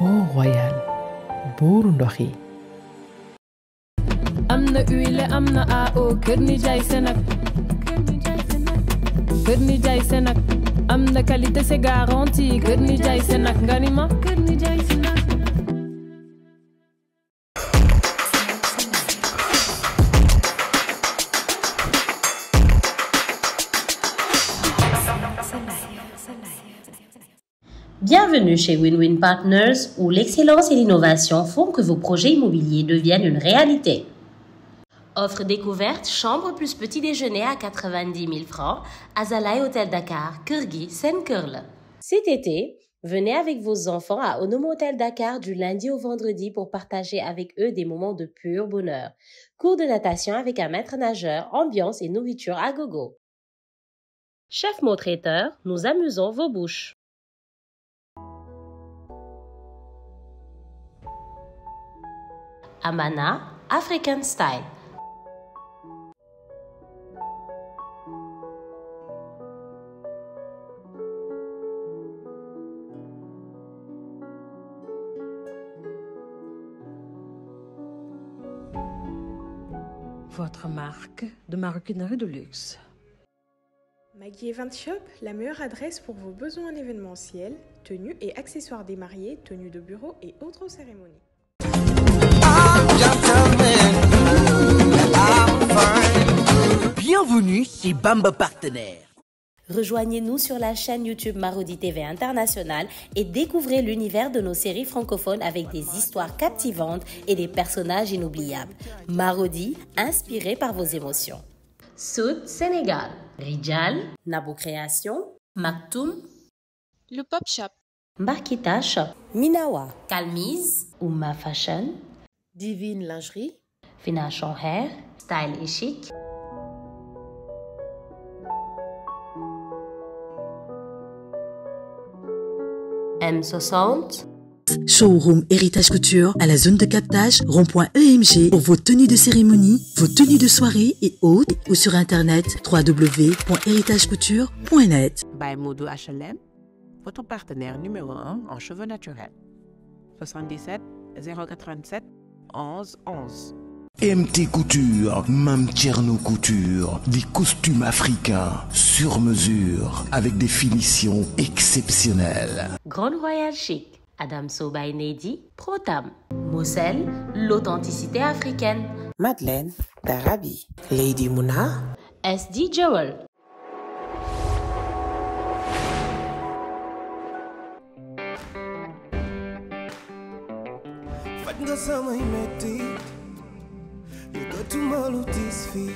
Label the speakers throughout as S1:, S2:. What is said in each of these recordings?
S1: eau royale buuru ndox yi
S2: am na huile am na AO kër ni jaay Sénac kër ni jaay Sénac am na qualité c'est garanti kër ni jaay Sénac nga ni ma
S3: Bienvenue chez WinWin Partners où l'excellence et l'innovation font que vos projets immobiliers deviennent une réalité. Offre découverte, chambre plus petit déjeuner à 90 000 francs, Azalai Hôtel Dakar, Kurgi, seine Cet été, venez avec vos enfants à Onomo Hôtel Dakar du lundi au vendredi pour partager avec eux des moments de pur bonheur. Cours de natation avec un maître nageur, ambiance et nourriture à gogo. Chef mot traiteur, nous amusons vos bouches. Amana African Style.
S4: Votre marque de maroquinerie de luxe.
S3: Maggie Event Shop, la meilleure adresse pour vos besoins en événementiel, tenues et accessoires des mariés, tenues de bureau et autres cérémonies. Bienvenue chez Bamba Partenaire. Rejoignez-nous sur la chaîne YouTube Marodi TV International et découvrez l'univers de nos séries francophones avec des histoires captivantes et des personnages inoubliables. Marodi, inspiré par vos émotions. Soud, Sénégal, Rijal, Nabo Création, Maktoum, Le Shop, Shop, Minawa, kalmise Uma Fashion, Divine Lingerie, Financial Hair, Style et Chic. M60.
S4: Showroom Héritage Couture à la zone de captage rond.emg pour vos tenues de cérémonie, vos tenues de soirée et autres ou sur internet www.héritagecouture.net. By Modo HLM, votre partenaire numéro 1 en cheveux naturels. 77 087 11 11.
S5: MT Couture, Mam Tcherno Couture, des costumes africains sur mesure avec des finitions exceptionnelles.
S3: Grande Royal Chic, Adam Soba Nedi, Protam, Moselle, l'authenticité africaine. Madeleine Darabi, Lady Mouna, SD Jewel.
S1: Gak sama imeti Yukatu malu tisfi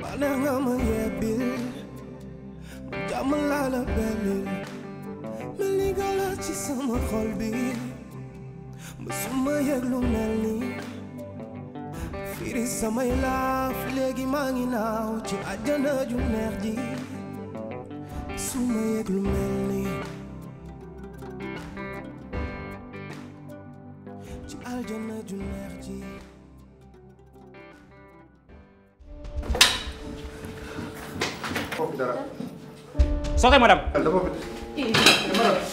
S1: Bana nga manyebil Mutamalala belil Meligala ci sama kolbi Musuma yaglu melni Firi samay laaf léegi maa ngi naaw ci àjjana ju neex ji Suma yeglu
S4: du merdier.
S2: Sortez madame! madame.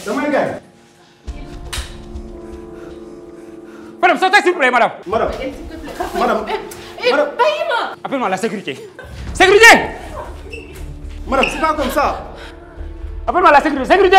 S6: dama
S1: madame sortez s'il vous plaît madame. madame
S4: madame. Eh, madame.
S1: appelle-moi la sécurité. sécurité. madame c'est pas comme ça. appelle-moi la sécurité sécurité.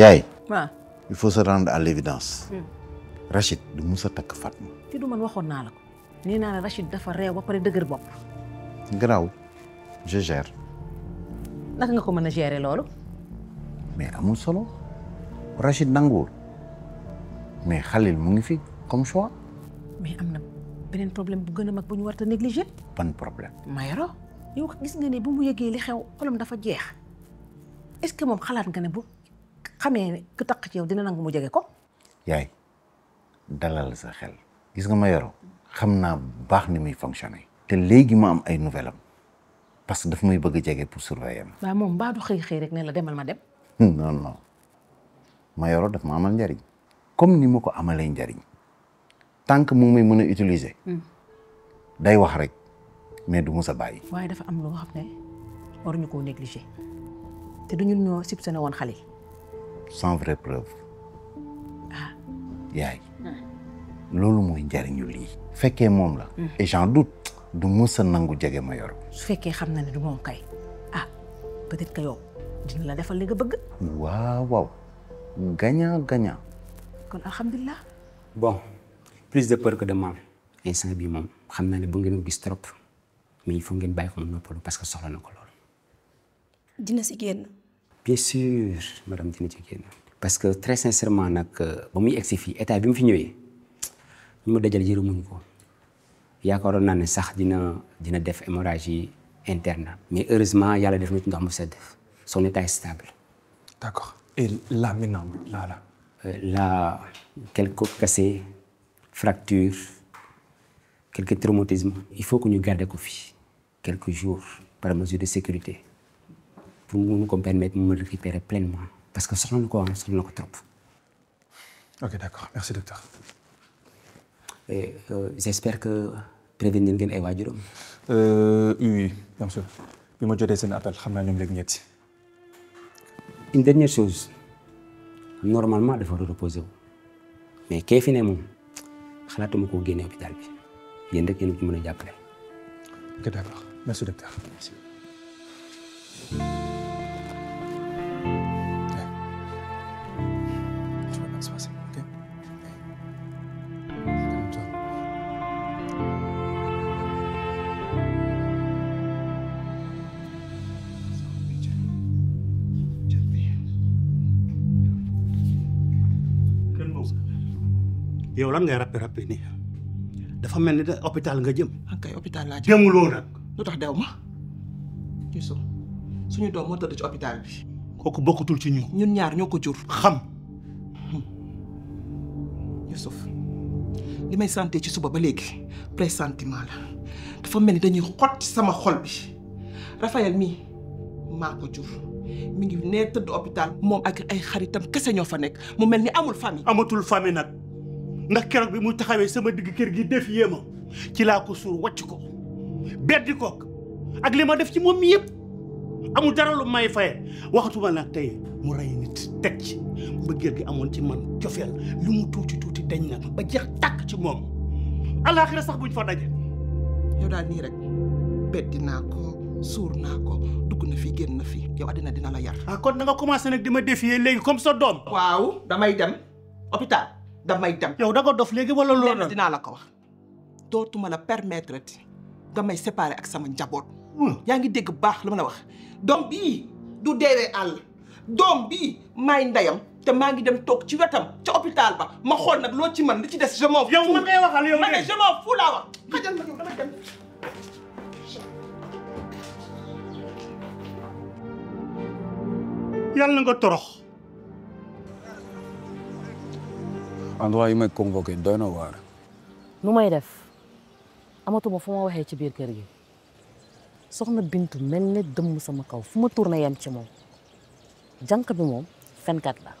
S6: yaay. waaw il faut se rendre à l'évidence. Hmm. Rachid du mus a takk Fatma.
S4: te du man waxoon naa la ko naa la Rachid dafa reew ba pare dëgër bopp.
S6: graw je gère.
S4: naka nga ko mën a gérer loolu.
S6: mais amul solo Rachid nanguwul mais Khalil mu ngi fi comme
S4: mais am na beneen problème bu gën a mag bu ñu war a ban problème. Mayoro yow gis nga ne bu mu yëgee li xew xolam dafa jeex est-ce moom xalaat nga ne bu xamee ne ku taq ci yow dina nangu mu jege ko.
S6: yaay dalal sa xel. gis nga ma yoroo xam naa baax ni muy fonctionner. te léegi mu am ay nouvelle am parce que daf muy bëgg jege pour surveiller ma.
S4: waaw moom mbaa du xëy xëy rek ne la demal ma dem.
S6: non non ma yoroo daf ma amal njariñ. comme ni mu ko amalee njariñ tant mu ngi may mën a utiliser. Hmm. day wax rek mais du mu sa bàyyi.
S4: waaye dafa am lu nga xam ne waruñu koo négliger te du ñun ñoo sipsane woon xale
S6: sans vraie preuve ah. yaay moy ce que mom la hmm. et j'en doute du que nangou ma
S4: su kay ah peut-être que yo dina la défal li nga bëgg
S6: waaw waaw gagnant gagnant
S7: bon plus de peur que de mal instant bi mom trop mais il faut ngeen parce que soxla na ko
S8: dina si génn
S7: bien sûr madame dina parce que très sincèrement nag ba muy egsi fii état bi mu fi ñëwee ñu ma dajal yërëmuñ ko yaakaaroon naa ne sax dina dina def hémorragie interne mais heureusement il def l'a ci hémorragie. son état est stable.
S5: d'accord et là maintenant là là.
S7: Euh, quelques cassés fractures quelques traumatismes. il faut que nous gardions ko fi quelques jours par mesure de sécurité pour nous permettre de me récupérer pleinement parce que sinon hein, nous sommes trop. ok d'accord merci docteur. Et, euh, j'espère que prévenir
S5: ngeen ay waajuram. Euh, oui bien sûr bi je vais un appel Je vais une dernière chose normalement faut reposer mais finalement, je vais moom xalaatuma koo hôpital bi yéen rek yéen a mën ok d'accord merci docteur. Merci.
S1: yow lan ngay ràppe ràppe nii dafa mel ni da hôpital nga jëm. ak kay hôpital laa jëm demuloo nag. lu tax dew hmm. ma. Youssou suñu doom moo tëdd ci hôpital bi. kooku bokkutul ci ñun ñun ñaar ñoo ko jur. xam. Youssouf li may santé ci suba ba léegi pressentiment la dafa mel ni dañuy xot sama xol bi Raphaël mii maa ko jur mi ngi nee tëdd hôpital moom ak ay xaritam kese ñoo fa nekk mu mel ni amul famille. amatul famille nag. ndax keroog bi mu taxawee sama digg kër gi def yéema ci laa ko suur wàcc ko beddi ko ak li ma def ci moom mi yëpp amul dara lu may faye waxatuma nag tey mu rey nit teg ci mbëggeel gi amoon ci man cofeel mu tuuti tuuti dañ na ba jeex ci moom alaaxira sax buñ fa daje yow daal nii rek beddi naa ko suur naa ko dugg na fi génn na fi yow àddina dina la yar ah kon danga nga commencé nag di ma défier léegi comme sa doom waaw damay dem hôpital damay dem. yow da nga dof léegi wala lo lenn dina la ko wax dotuma la permettre nga may séparer ak sama njabot ya nga dégg bax luma la wax. dom mind du deewee àll dom bi may ndayam te ma ngi dem tok ci wetam ci hôpital ba ma xol nak lo ci man li ci dess je m'en fous. yow ma ngay waxal yow de je m'en fous la wax. xajal ma yow dama dem.
S7: yalla nga torox.
S6: endroit yi may convoqué doy na waar.
S7: may def amatuma fu ma waxee ci biir kër gi soxna Bintu mel ne dëmm sama kaw fu ma tourné yem ci moom jànq bi moom fenkat la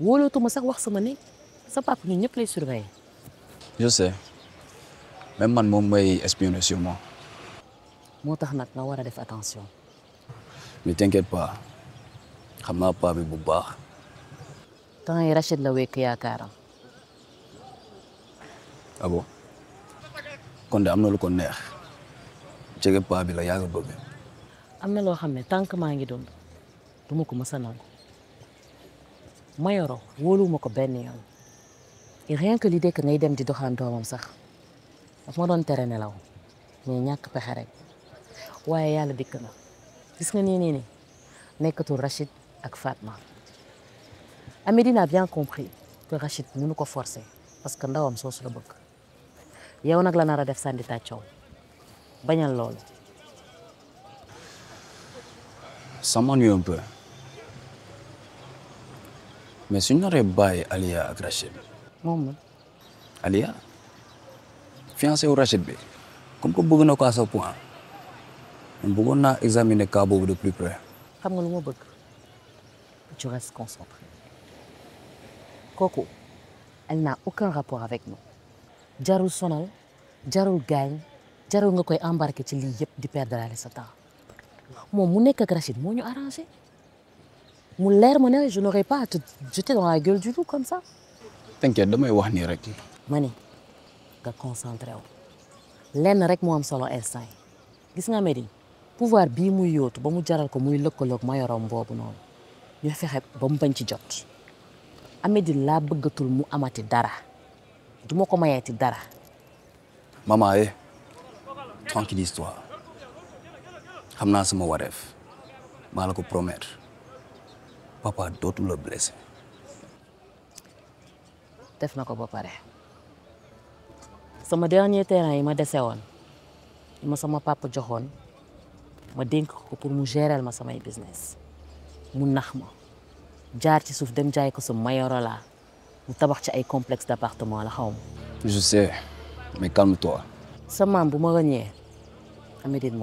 S7: wóolootuma sax wax sama ni sa papa ñun ñëpp lay surveiller.
S6: je sais même man moom mooy espionné sur moo
S7: tax nag nga war a def attention.
S6: ne t'inquiète pas xam naa paa bu baax.
S7: تاني طيب، رشد لويك يا كارم
S5: أبو كنت أمنا لو كنت نيخ جيجي بابي لا ياغ بوغ
S7: أمنا لو خامي تانك ما نجي دوم دومو كما سنانكو ما يورو وولو مكو بني يوم إي ريان كو ليدي كنا يدم دي دوخان دوام سخ أف مدون تريني لو ني نياك بحرك وايا يالا ديكنا بس نيني نيني نيكتو رشد أك فاطمة Amédine a bien compris que Rachid nous ko forcer parce que ndawam a la yow nag la nar a def ta
S6: ça m'ennuie un peu mais Alia ak Rachid. Non Alia? fiancé Rachid comme que à ce point examiner cas de plus près.
S7: xam nga sais tu restes concentré elle n'a aucun rapport avec nous Jarou sonal Jarou gagne, Jarou nga koy embarquer ci lii yëpp di perdre sa temps Mon mu que ak Rachid moo ñu arrangé mu leer ma je n'aurais pas à te jeter dans la gueule du loup comme ça.
S5: t'inquiète damay wax nii rek.
S7: ma ni nga concentré wu lenn rek moo am solo instant yi gis nga Médine pouvoir bii muy yóotu ba mu jaral ko muy ma mayorom boobu noonu ñu fexe ba mu bañ ci jot. Amady laa bëggatul mu amati dara du ma ko mayeeti dara. maman eh
S6: tranquillise toi xam naa sama wareef maa la ko promettre papa dootu la blessé.
S7: def na ko ba pare sama dernier terrain yi ma dese woon yi ma sama papa joxoon ma dénk ko pour mu gérer ma samay business mu nax ma. jaar ci suuf dem jaay ko sa Mayorola mu tabax ci ay complexe d'appartement la xaw
S5: je sais mais calme-toi.
S7: sa bu ma Amédine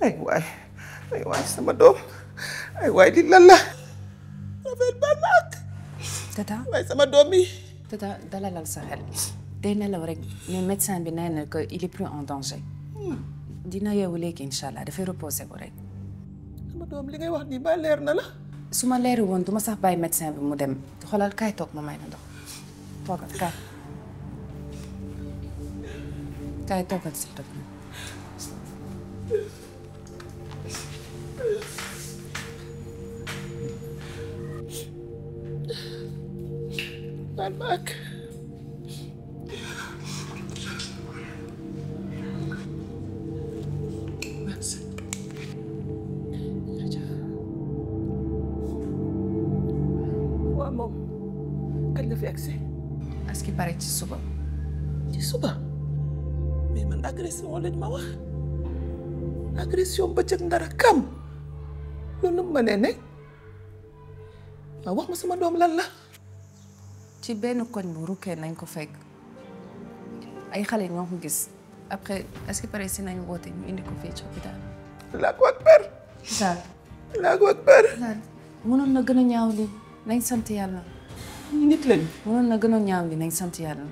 S7: ay way
S6: ay way sama
S1: do ay way di lan la. rafet ba tata sama
S4: tata dalalal sa xel day nelaw médecin bi nee que il est plus en danger. Hmm. dina yeewu léegi Inshallah, dafay reposer ko rek.
S1: sama doom li ngay wax ni ba leer na la.
S4: Suma ma on woon du ma sax bàyyi médecin bi mu dem xoolal kaay toog ma may ndox toogal kaay kaay
S1: toogal agression lañ ma wax agression bëccëg ndara kam
S4: loolu nu ma nee ne wax ma sama doom lan la ci benn koñ bu rukkee nañ ko fekk ay xale ñoo ko gis après est-ce pare si nañ woote ñu indi ko fii ci ak daal laa ko ak père daal mënoon na gën a ñaaw li nañ sant yàlla nit lañ mënoon na gën a ñaaw li nañ sant yàlla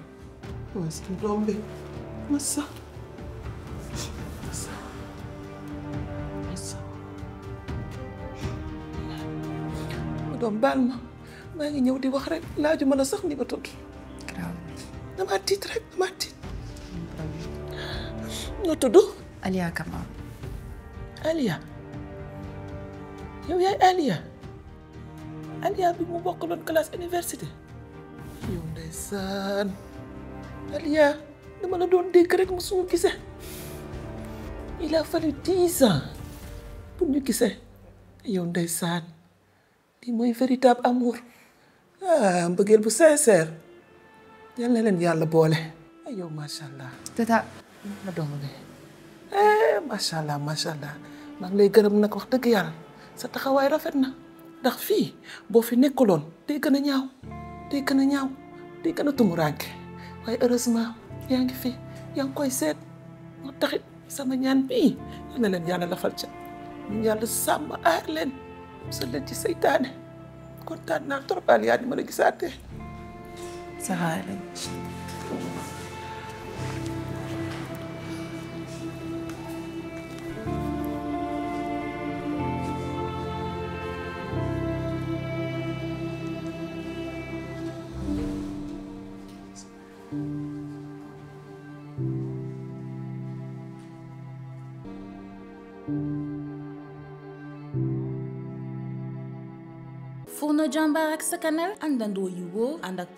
S4: waaw sama doom bi
S1: doom baal ma maa ngi ñëw di wax rek laaju mën a sax ni ma tudd. dama tiit rek dama tiit. ñoo tudd. Aliya Kamara. Aliya yow yaay Aliya Aliya bi mu bokkaloon classe université. yow ndeysaan Aliya dama la doon dégg rek mosuma gisee. il a fallu dix ans pour ñu gisee yow ndeysaan. Di moy véritable amour ah mbëggeel bu sincère yal na len yalla bolé ay yow macha allah. tata ma doom bi macha allah macha eh, allah maa ngi lay gërëm nak wax deug yalla sa taxaway rafet na ndax fi bo fi nekkulon te gëna ñaaw te gëna ñaaw te gëna tumu rank way heureusement yaa ngi fi yang ngi koy seet mo taxit sama ñaan bi yal na ya yalla la fal ci yalla sama aar len musal leen ci seytaane kontaan naa trop Aliou yaa ngi mën a gisaatee.
S2: saxaar
S7: jàmbaar Canal, canal àndandoo yu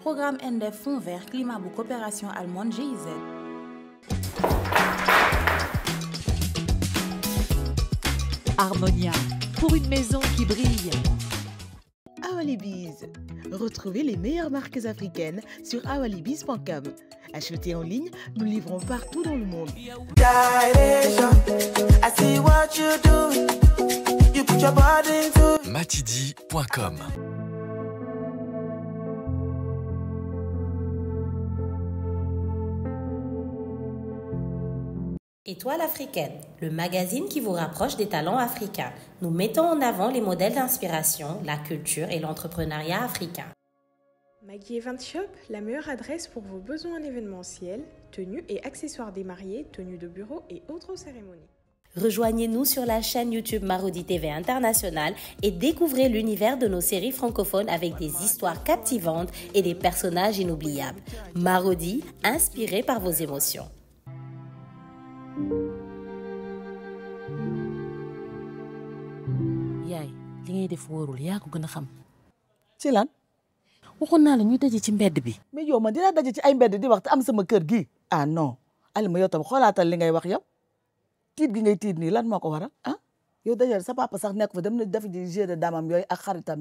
S3: programme NDF Fonds vert climat bu coopération allemande GIZ Harmonia pour une maison qui brille
S9: Awalibiz Retrouvez les meilleures marques africaines sur awalibiz.com Achetez en ligne, nous livrons partout dans le monde.
S6: matidi.com
S3: Étoile africaine, le magazine qui vous rapproche des talents africains. Nous mettons en avant les modèles d'inspiration, la culture et l'entrepreneuriat africain. Maggie Event Shop, la meilleure adresse pour vos besoins en événementiel, tenues et accessoires des mariés, tenues de bureau et autres cérémonies. Rejoignez-nous sur la chaîne YouTube Marodi TV International et découvrez l'univers de nos séries francophones avec des histoires captivantes et des personnages inoubliables. Marodi, inspiré par vos émotions.
S9: yaay li ngay def wóorul yaa ko gën a xam. ci lan. waxoon naa la ñuy daje ci mbedd bi. mais yow man dinaa daje ci ay mbedd di wax te am sama kër gi ah non Alima yow tam xoolaatal li ngay wax yow tiit gi ngay tiit nii lan moo ko waral a ah? yow dajal sa papa sax nekk fa dem na def ji jeu de damam yooyu ak xaritam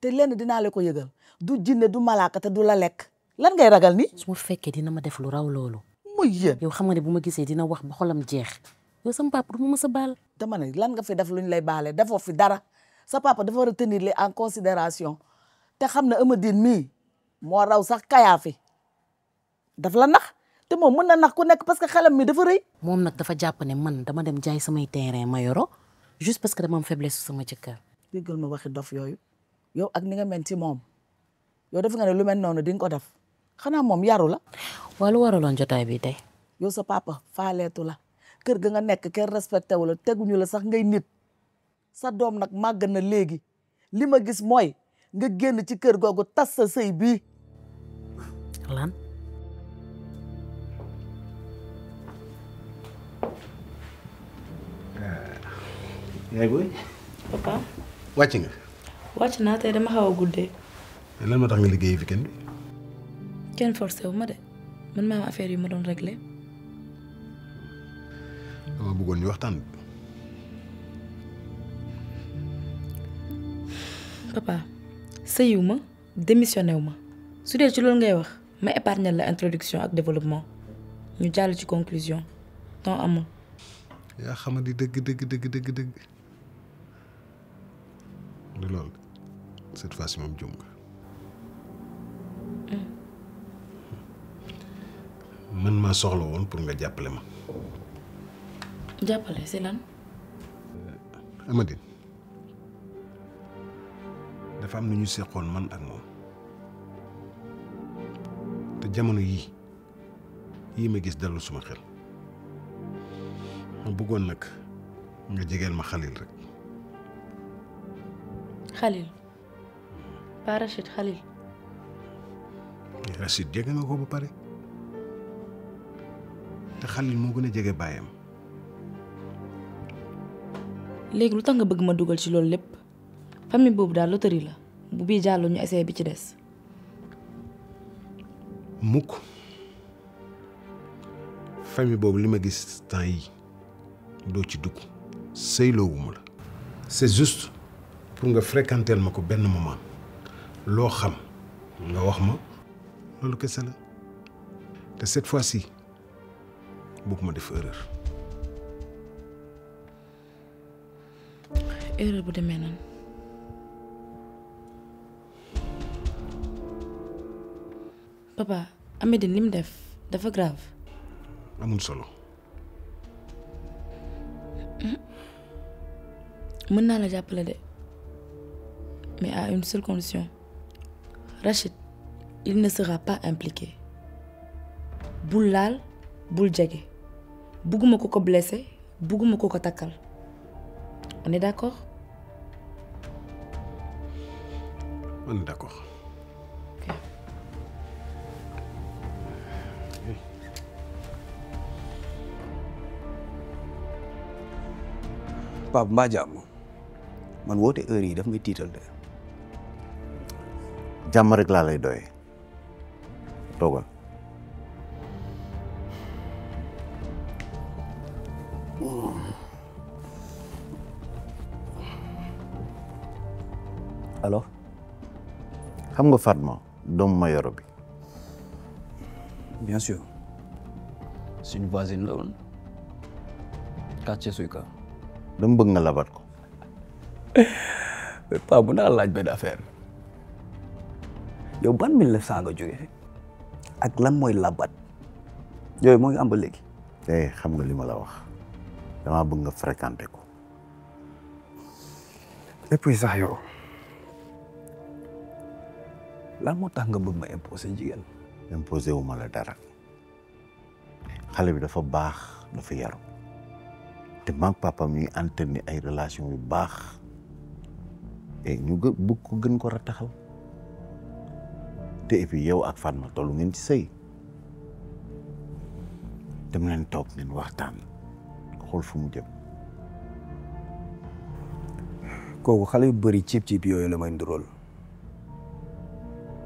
S9: te lenn dinaa la ko yëgal du jinne du malaaka te du la lekk
S7: lan ngay ragal ni su ma fekkee dina ma def lu raw loolu. mooy yéen. yow xam nga ne bu ma gisee
S9: dina wax ba xolam jeex yow sama papa du ma mës a baal. dama ne lan nga fi def lu ñu lay baale defoo fi dara sa papa dafa war a tenir les en considération te xam ne Amadine mii moo raw sax kayaa fi daf la nax te moom mën na nax ku nekk parce que xelam mi dafa
S7: rëy. moom nag dafa jàpp ne man dama dem jaay samay terrain ma yoro juste parce que dama am faiblesse sama
S9: jëkkër. déggal ma waxi dof yooyu yow ak ni nga mel ci moom yow def nga ne lu mel noonu def. xanaa moom yaru la. waaw lu waraloon jotaay bi tey. sa papa faaleetu la kër ga nga nekk kenn respecté wu la teguñu la sax ngay nit sa doom nag màgg na léegi li ma gis mooy nga génn ci kër googu tas sa sëy bii.
S7: lan.
S6: Ah,
S5: yaay
S2: naa tey dama xaw a guddee.
S5: lan moo tax nga liggéey fi
S2: kenn forcé wu ma de man maa am affaire yu ma doon réglé.
S5: dama bëggoon ñu waxtaan.
S2: papa sëyiw ma démissionné wu ma su dee ci loolu ngay wax ma épargner la introduction ak développement ñu jàll ci conclusion temps amul.
S5: yaa xama di dëgg dëgg dëgg dëgg dëgg. du loolu cette fois-ci moom jum nga. man ma soxla woon pour nga jàppale ma.
S2: jàppale si lan.
S5: Euh, Amadine dafa am lu ñu seqoon man ak moom te jamono yii yii ma gis dalul suma xel ma bëggoon nag nga jegeel ma xalil rek.
S2: xalil pas Rachid xalil.
S5: Rachid jege nga ko ba pare. Khalil moo gën a jege baayam.
S2: léegi lu tax nga bëgg ma dugal ci loolu lépp famille boobu daal loterie la bu bii jàllu ñu essayé bi ci des.
S5: mukk famille boobu li ma gis temps yi doo ci dugg sëyloowuma la. c'est juste pour nga fréquenter ma ko benn moment loo xam nga wax ma loolu kese la te cette fois-ci. bëgguma de erreur.
S2: erreur bu demee nan. papa Amedine li def dafa grave. Amun solo. mën la jàppale de mais à une seule condition Rachid il ne sera pas impliqué Boullal, laal bul bugguma ko ko blessé bugguma ko ko takkal on est d'accord
S5: on est d'accord Pape mbaa jàmm
S6: man woote heure yi daf may tiital de jàmm rek lay doy toogal alors xam nga Fatma ma ma bi bien sûr C'est une voisine la woon quartier Suyka bëgg nga labat ko mais pas bu à laaj affaire ban ak labat Yoy mo ngi am ba légui. Eh, xam nga ma la wax bëgg nga fréquenté ko et puis ça lamotanga tangga ma imposé jigen imposé wu ma la dara xale bi dafa baax dafa yaru te maag papa mi ngi entretenir ay relation yu baax e eh, ñu gë bëgg ko gën ko rattaxal te epi puis yow ak Fatma tollu ngeen ci sëy dem ngeen fu mu jëm xale yu la may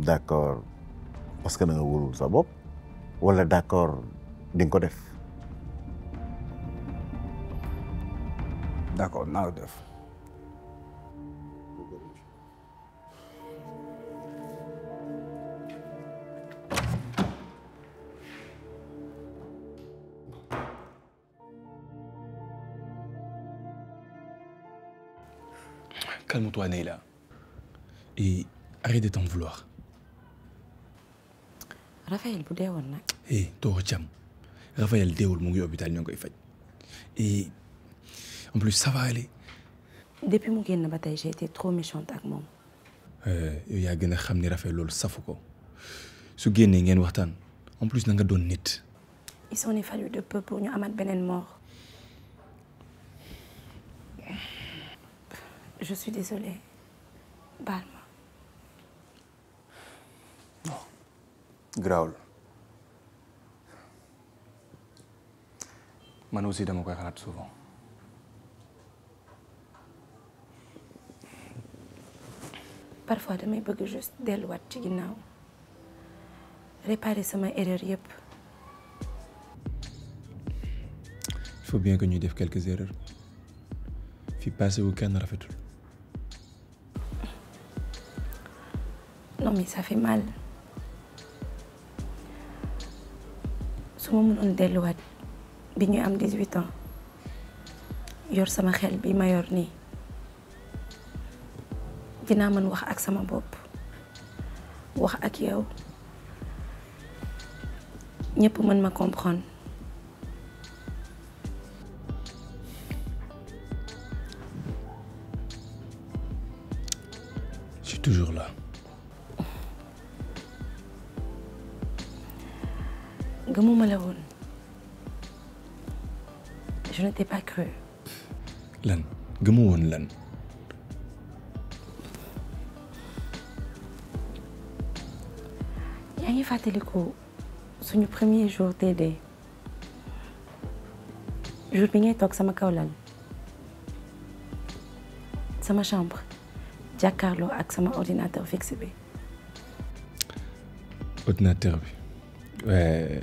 S6: D'accord parce que nous avons wóorul sa bopp ou d' accord di d'accord nous def.
S5: D'accord, accord def. Calme-toi, Neila. Et arrête de t'en vouloir.
S2: Raphaël bu
S8: deewoon nak
S5: eh Toro Thiam Raphaël deewul mu ngi hôpital ñong koy fajj et eh, en plus ça va aller.
S8: depuis mu génn ba j'ai été trop méchante ak moom.
S5: euh yaa gën a xam ni Raphaël lool safu ko su génnee ngeen waxtaan en plus na nga doon nit.
S8: il s'en est fallu de peu pour ñu amaat benen mort. je suis désolée baal
S5: garaawul Moi aussi dama koy xalaat souvent
S8: parfois je veux juste delluwaat ci ginnaaw réparer mes erreur yep.
S5: il faut bien que nous fassions quelques erreurs fi passé wu kenn rafetul
S8: non mais ça fait mal su ma mënoon delluwaat bi ñu am 18 ans yor sama xel bi ma yor nii dinaa mën wax ak sama bopp wax ak yow ñëpp mën ma comprendre
S5: je suis toujours là
S8: gëmuma la woon je n'étais pas cru.
S5: lan gëmu woon lan.
S8: yaa Fateliko, fàttaliku suñu premier jour TD jour bi ngay toog sama kaw lal sama chambre jàkkaarloo ak sama ordinateur fixe bi.
S5: ordinateur bi. Ouais.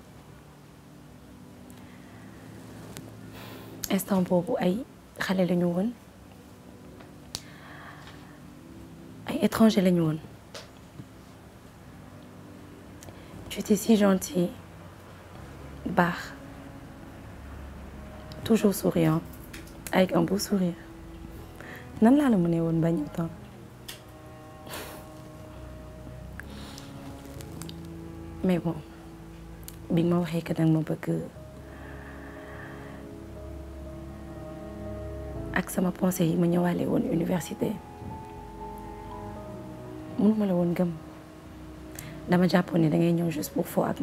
S8: instant boobu ay xale la ñu woon ay étranger lañu won woon tu étais si gentil baax toujours souriant avec un beau sourire nan la la mënee won bañ autant mais bon bi nga ma waxee que danga ma bëgg Ma pensée ma l'université. Je université pas je dama Je da ngay juste pour ak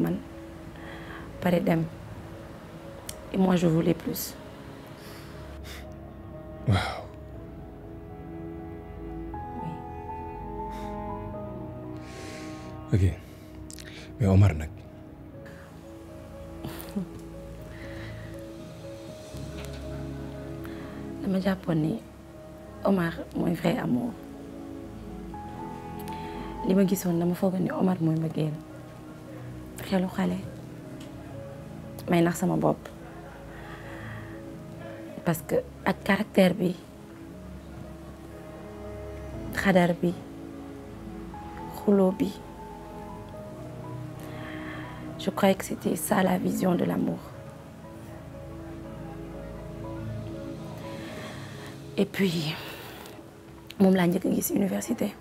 S8: et moi je voulais plus.
S5: ok mais Omar nak.
S8: Japonais. Omar mon vrai amour li ma gisoon dama foogoon ni Omar moy ma génn xelu xale may nax sama bop parce que ak caractère bi xadar bi xuloo bi je croyais que c'était ça la vision de l'amour et puis mon laa dit université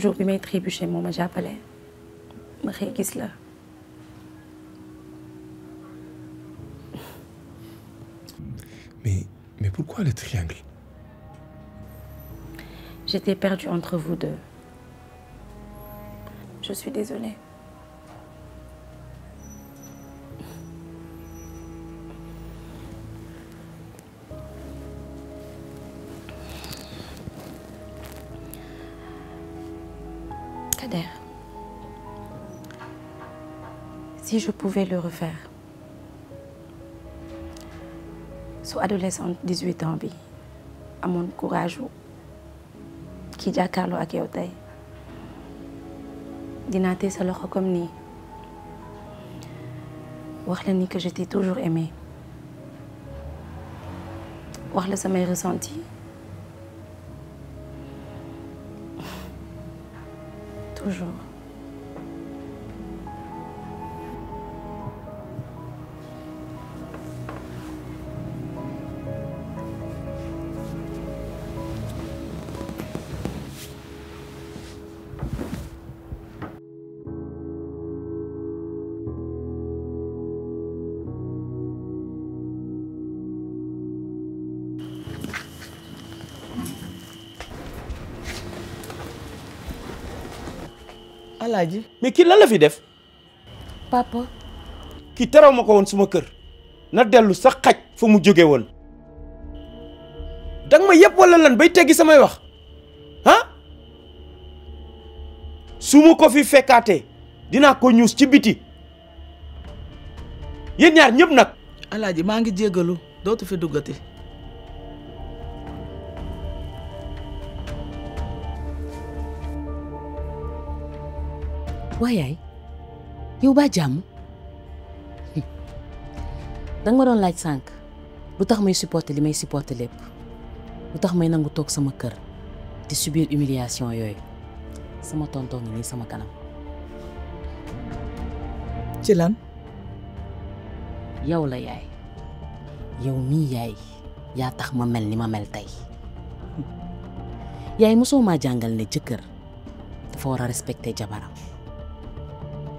S8: jour pu tribus chez moi j'ai appelé. Je
S5: mais mais pourquoi le triangle.
S8: j'étais perdue entre vous deux je suis désolée. si je pouvais le refaire soit adolescente 18 ans à mon courage qui ki à Carlo à tey sa comme ni. wax ni que j'étais toujours aimé wax ça m'a ressenti toujours
S1: laaji mais ki lan la fi def papa ki teraw mako won suma keur na delu sa xaj fu mu joge won danga ma yeb wala lan bay teggi samay wax ha sumu ko fi fekkaatee dina ko ñuus ci biti yeen ñaar ñep nak alaaji ma nga jéggalu
S9: dootu fi duggati Wa yaay
S7: yow baa jàmm danga ma doon laaj sànq lu tax may supporter li may supporter lépp lu tax may nangu toog sama kër di subir humiliation yooyu sama tonton ngi sama kanam ci lan yow la yaay yow mii yaay yaa tax ma mel ni ma mel tey yaay mosoo maa jàngal ne jëkkër dafa war a respecter jabaram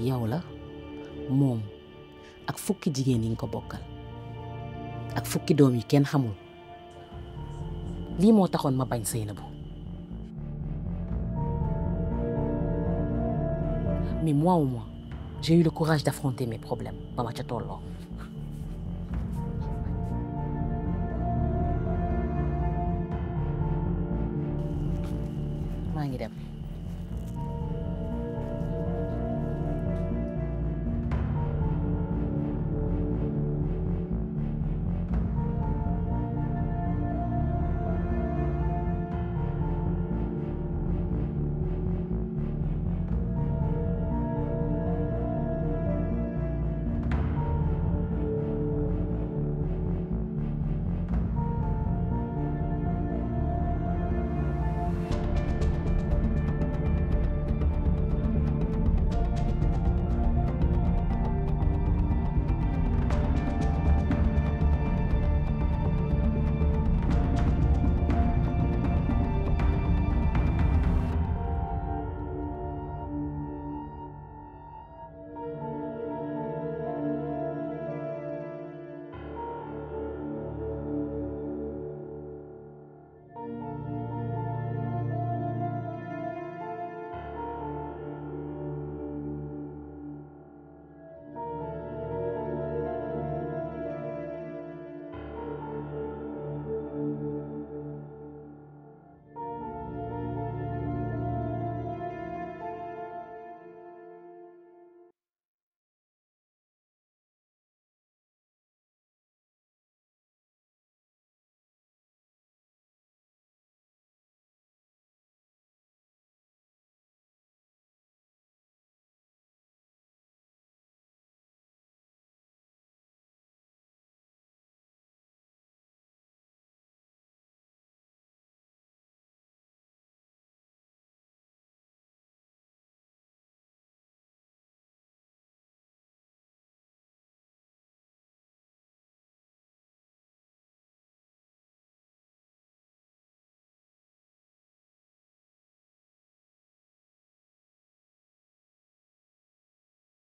S7: yow la moom ak fukki jigen yi nga ko bokkal ak fukki dom yi ken xamul li mo taxone ma bañ Seynabou mais moi au moins j'ai eu le courage d'affronter mes problèmes ba ma ca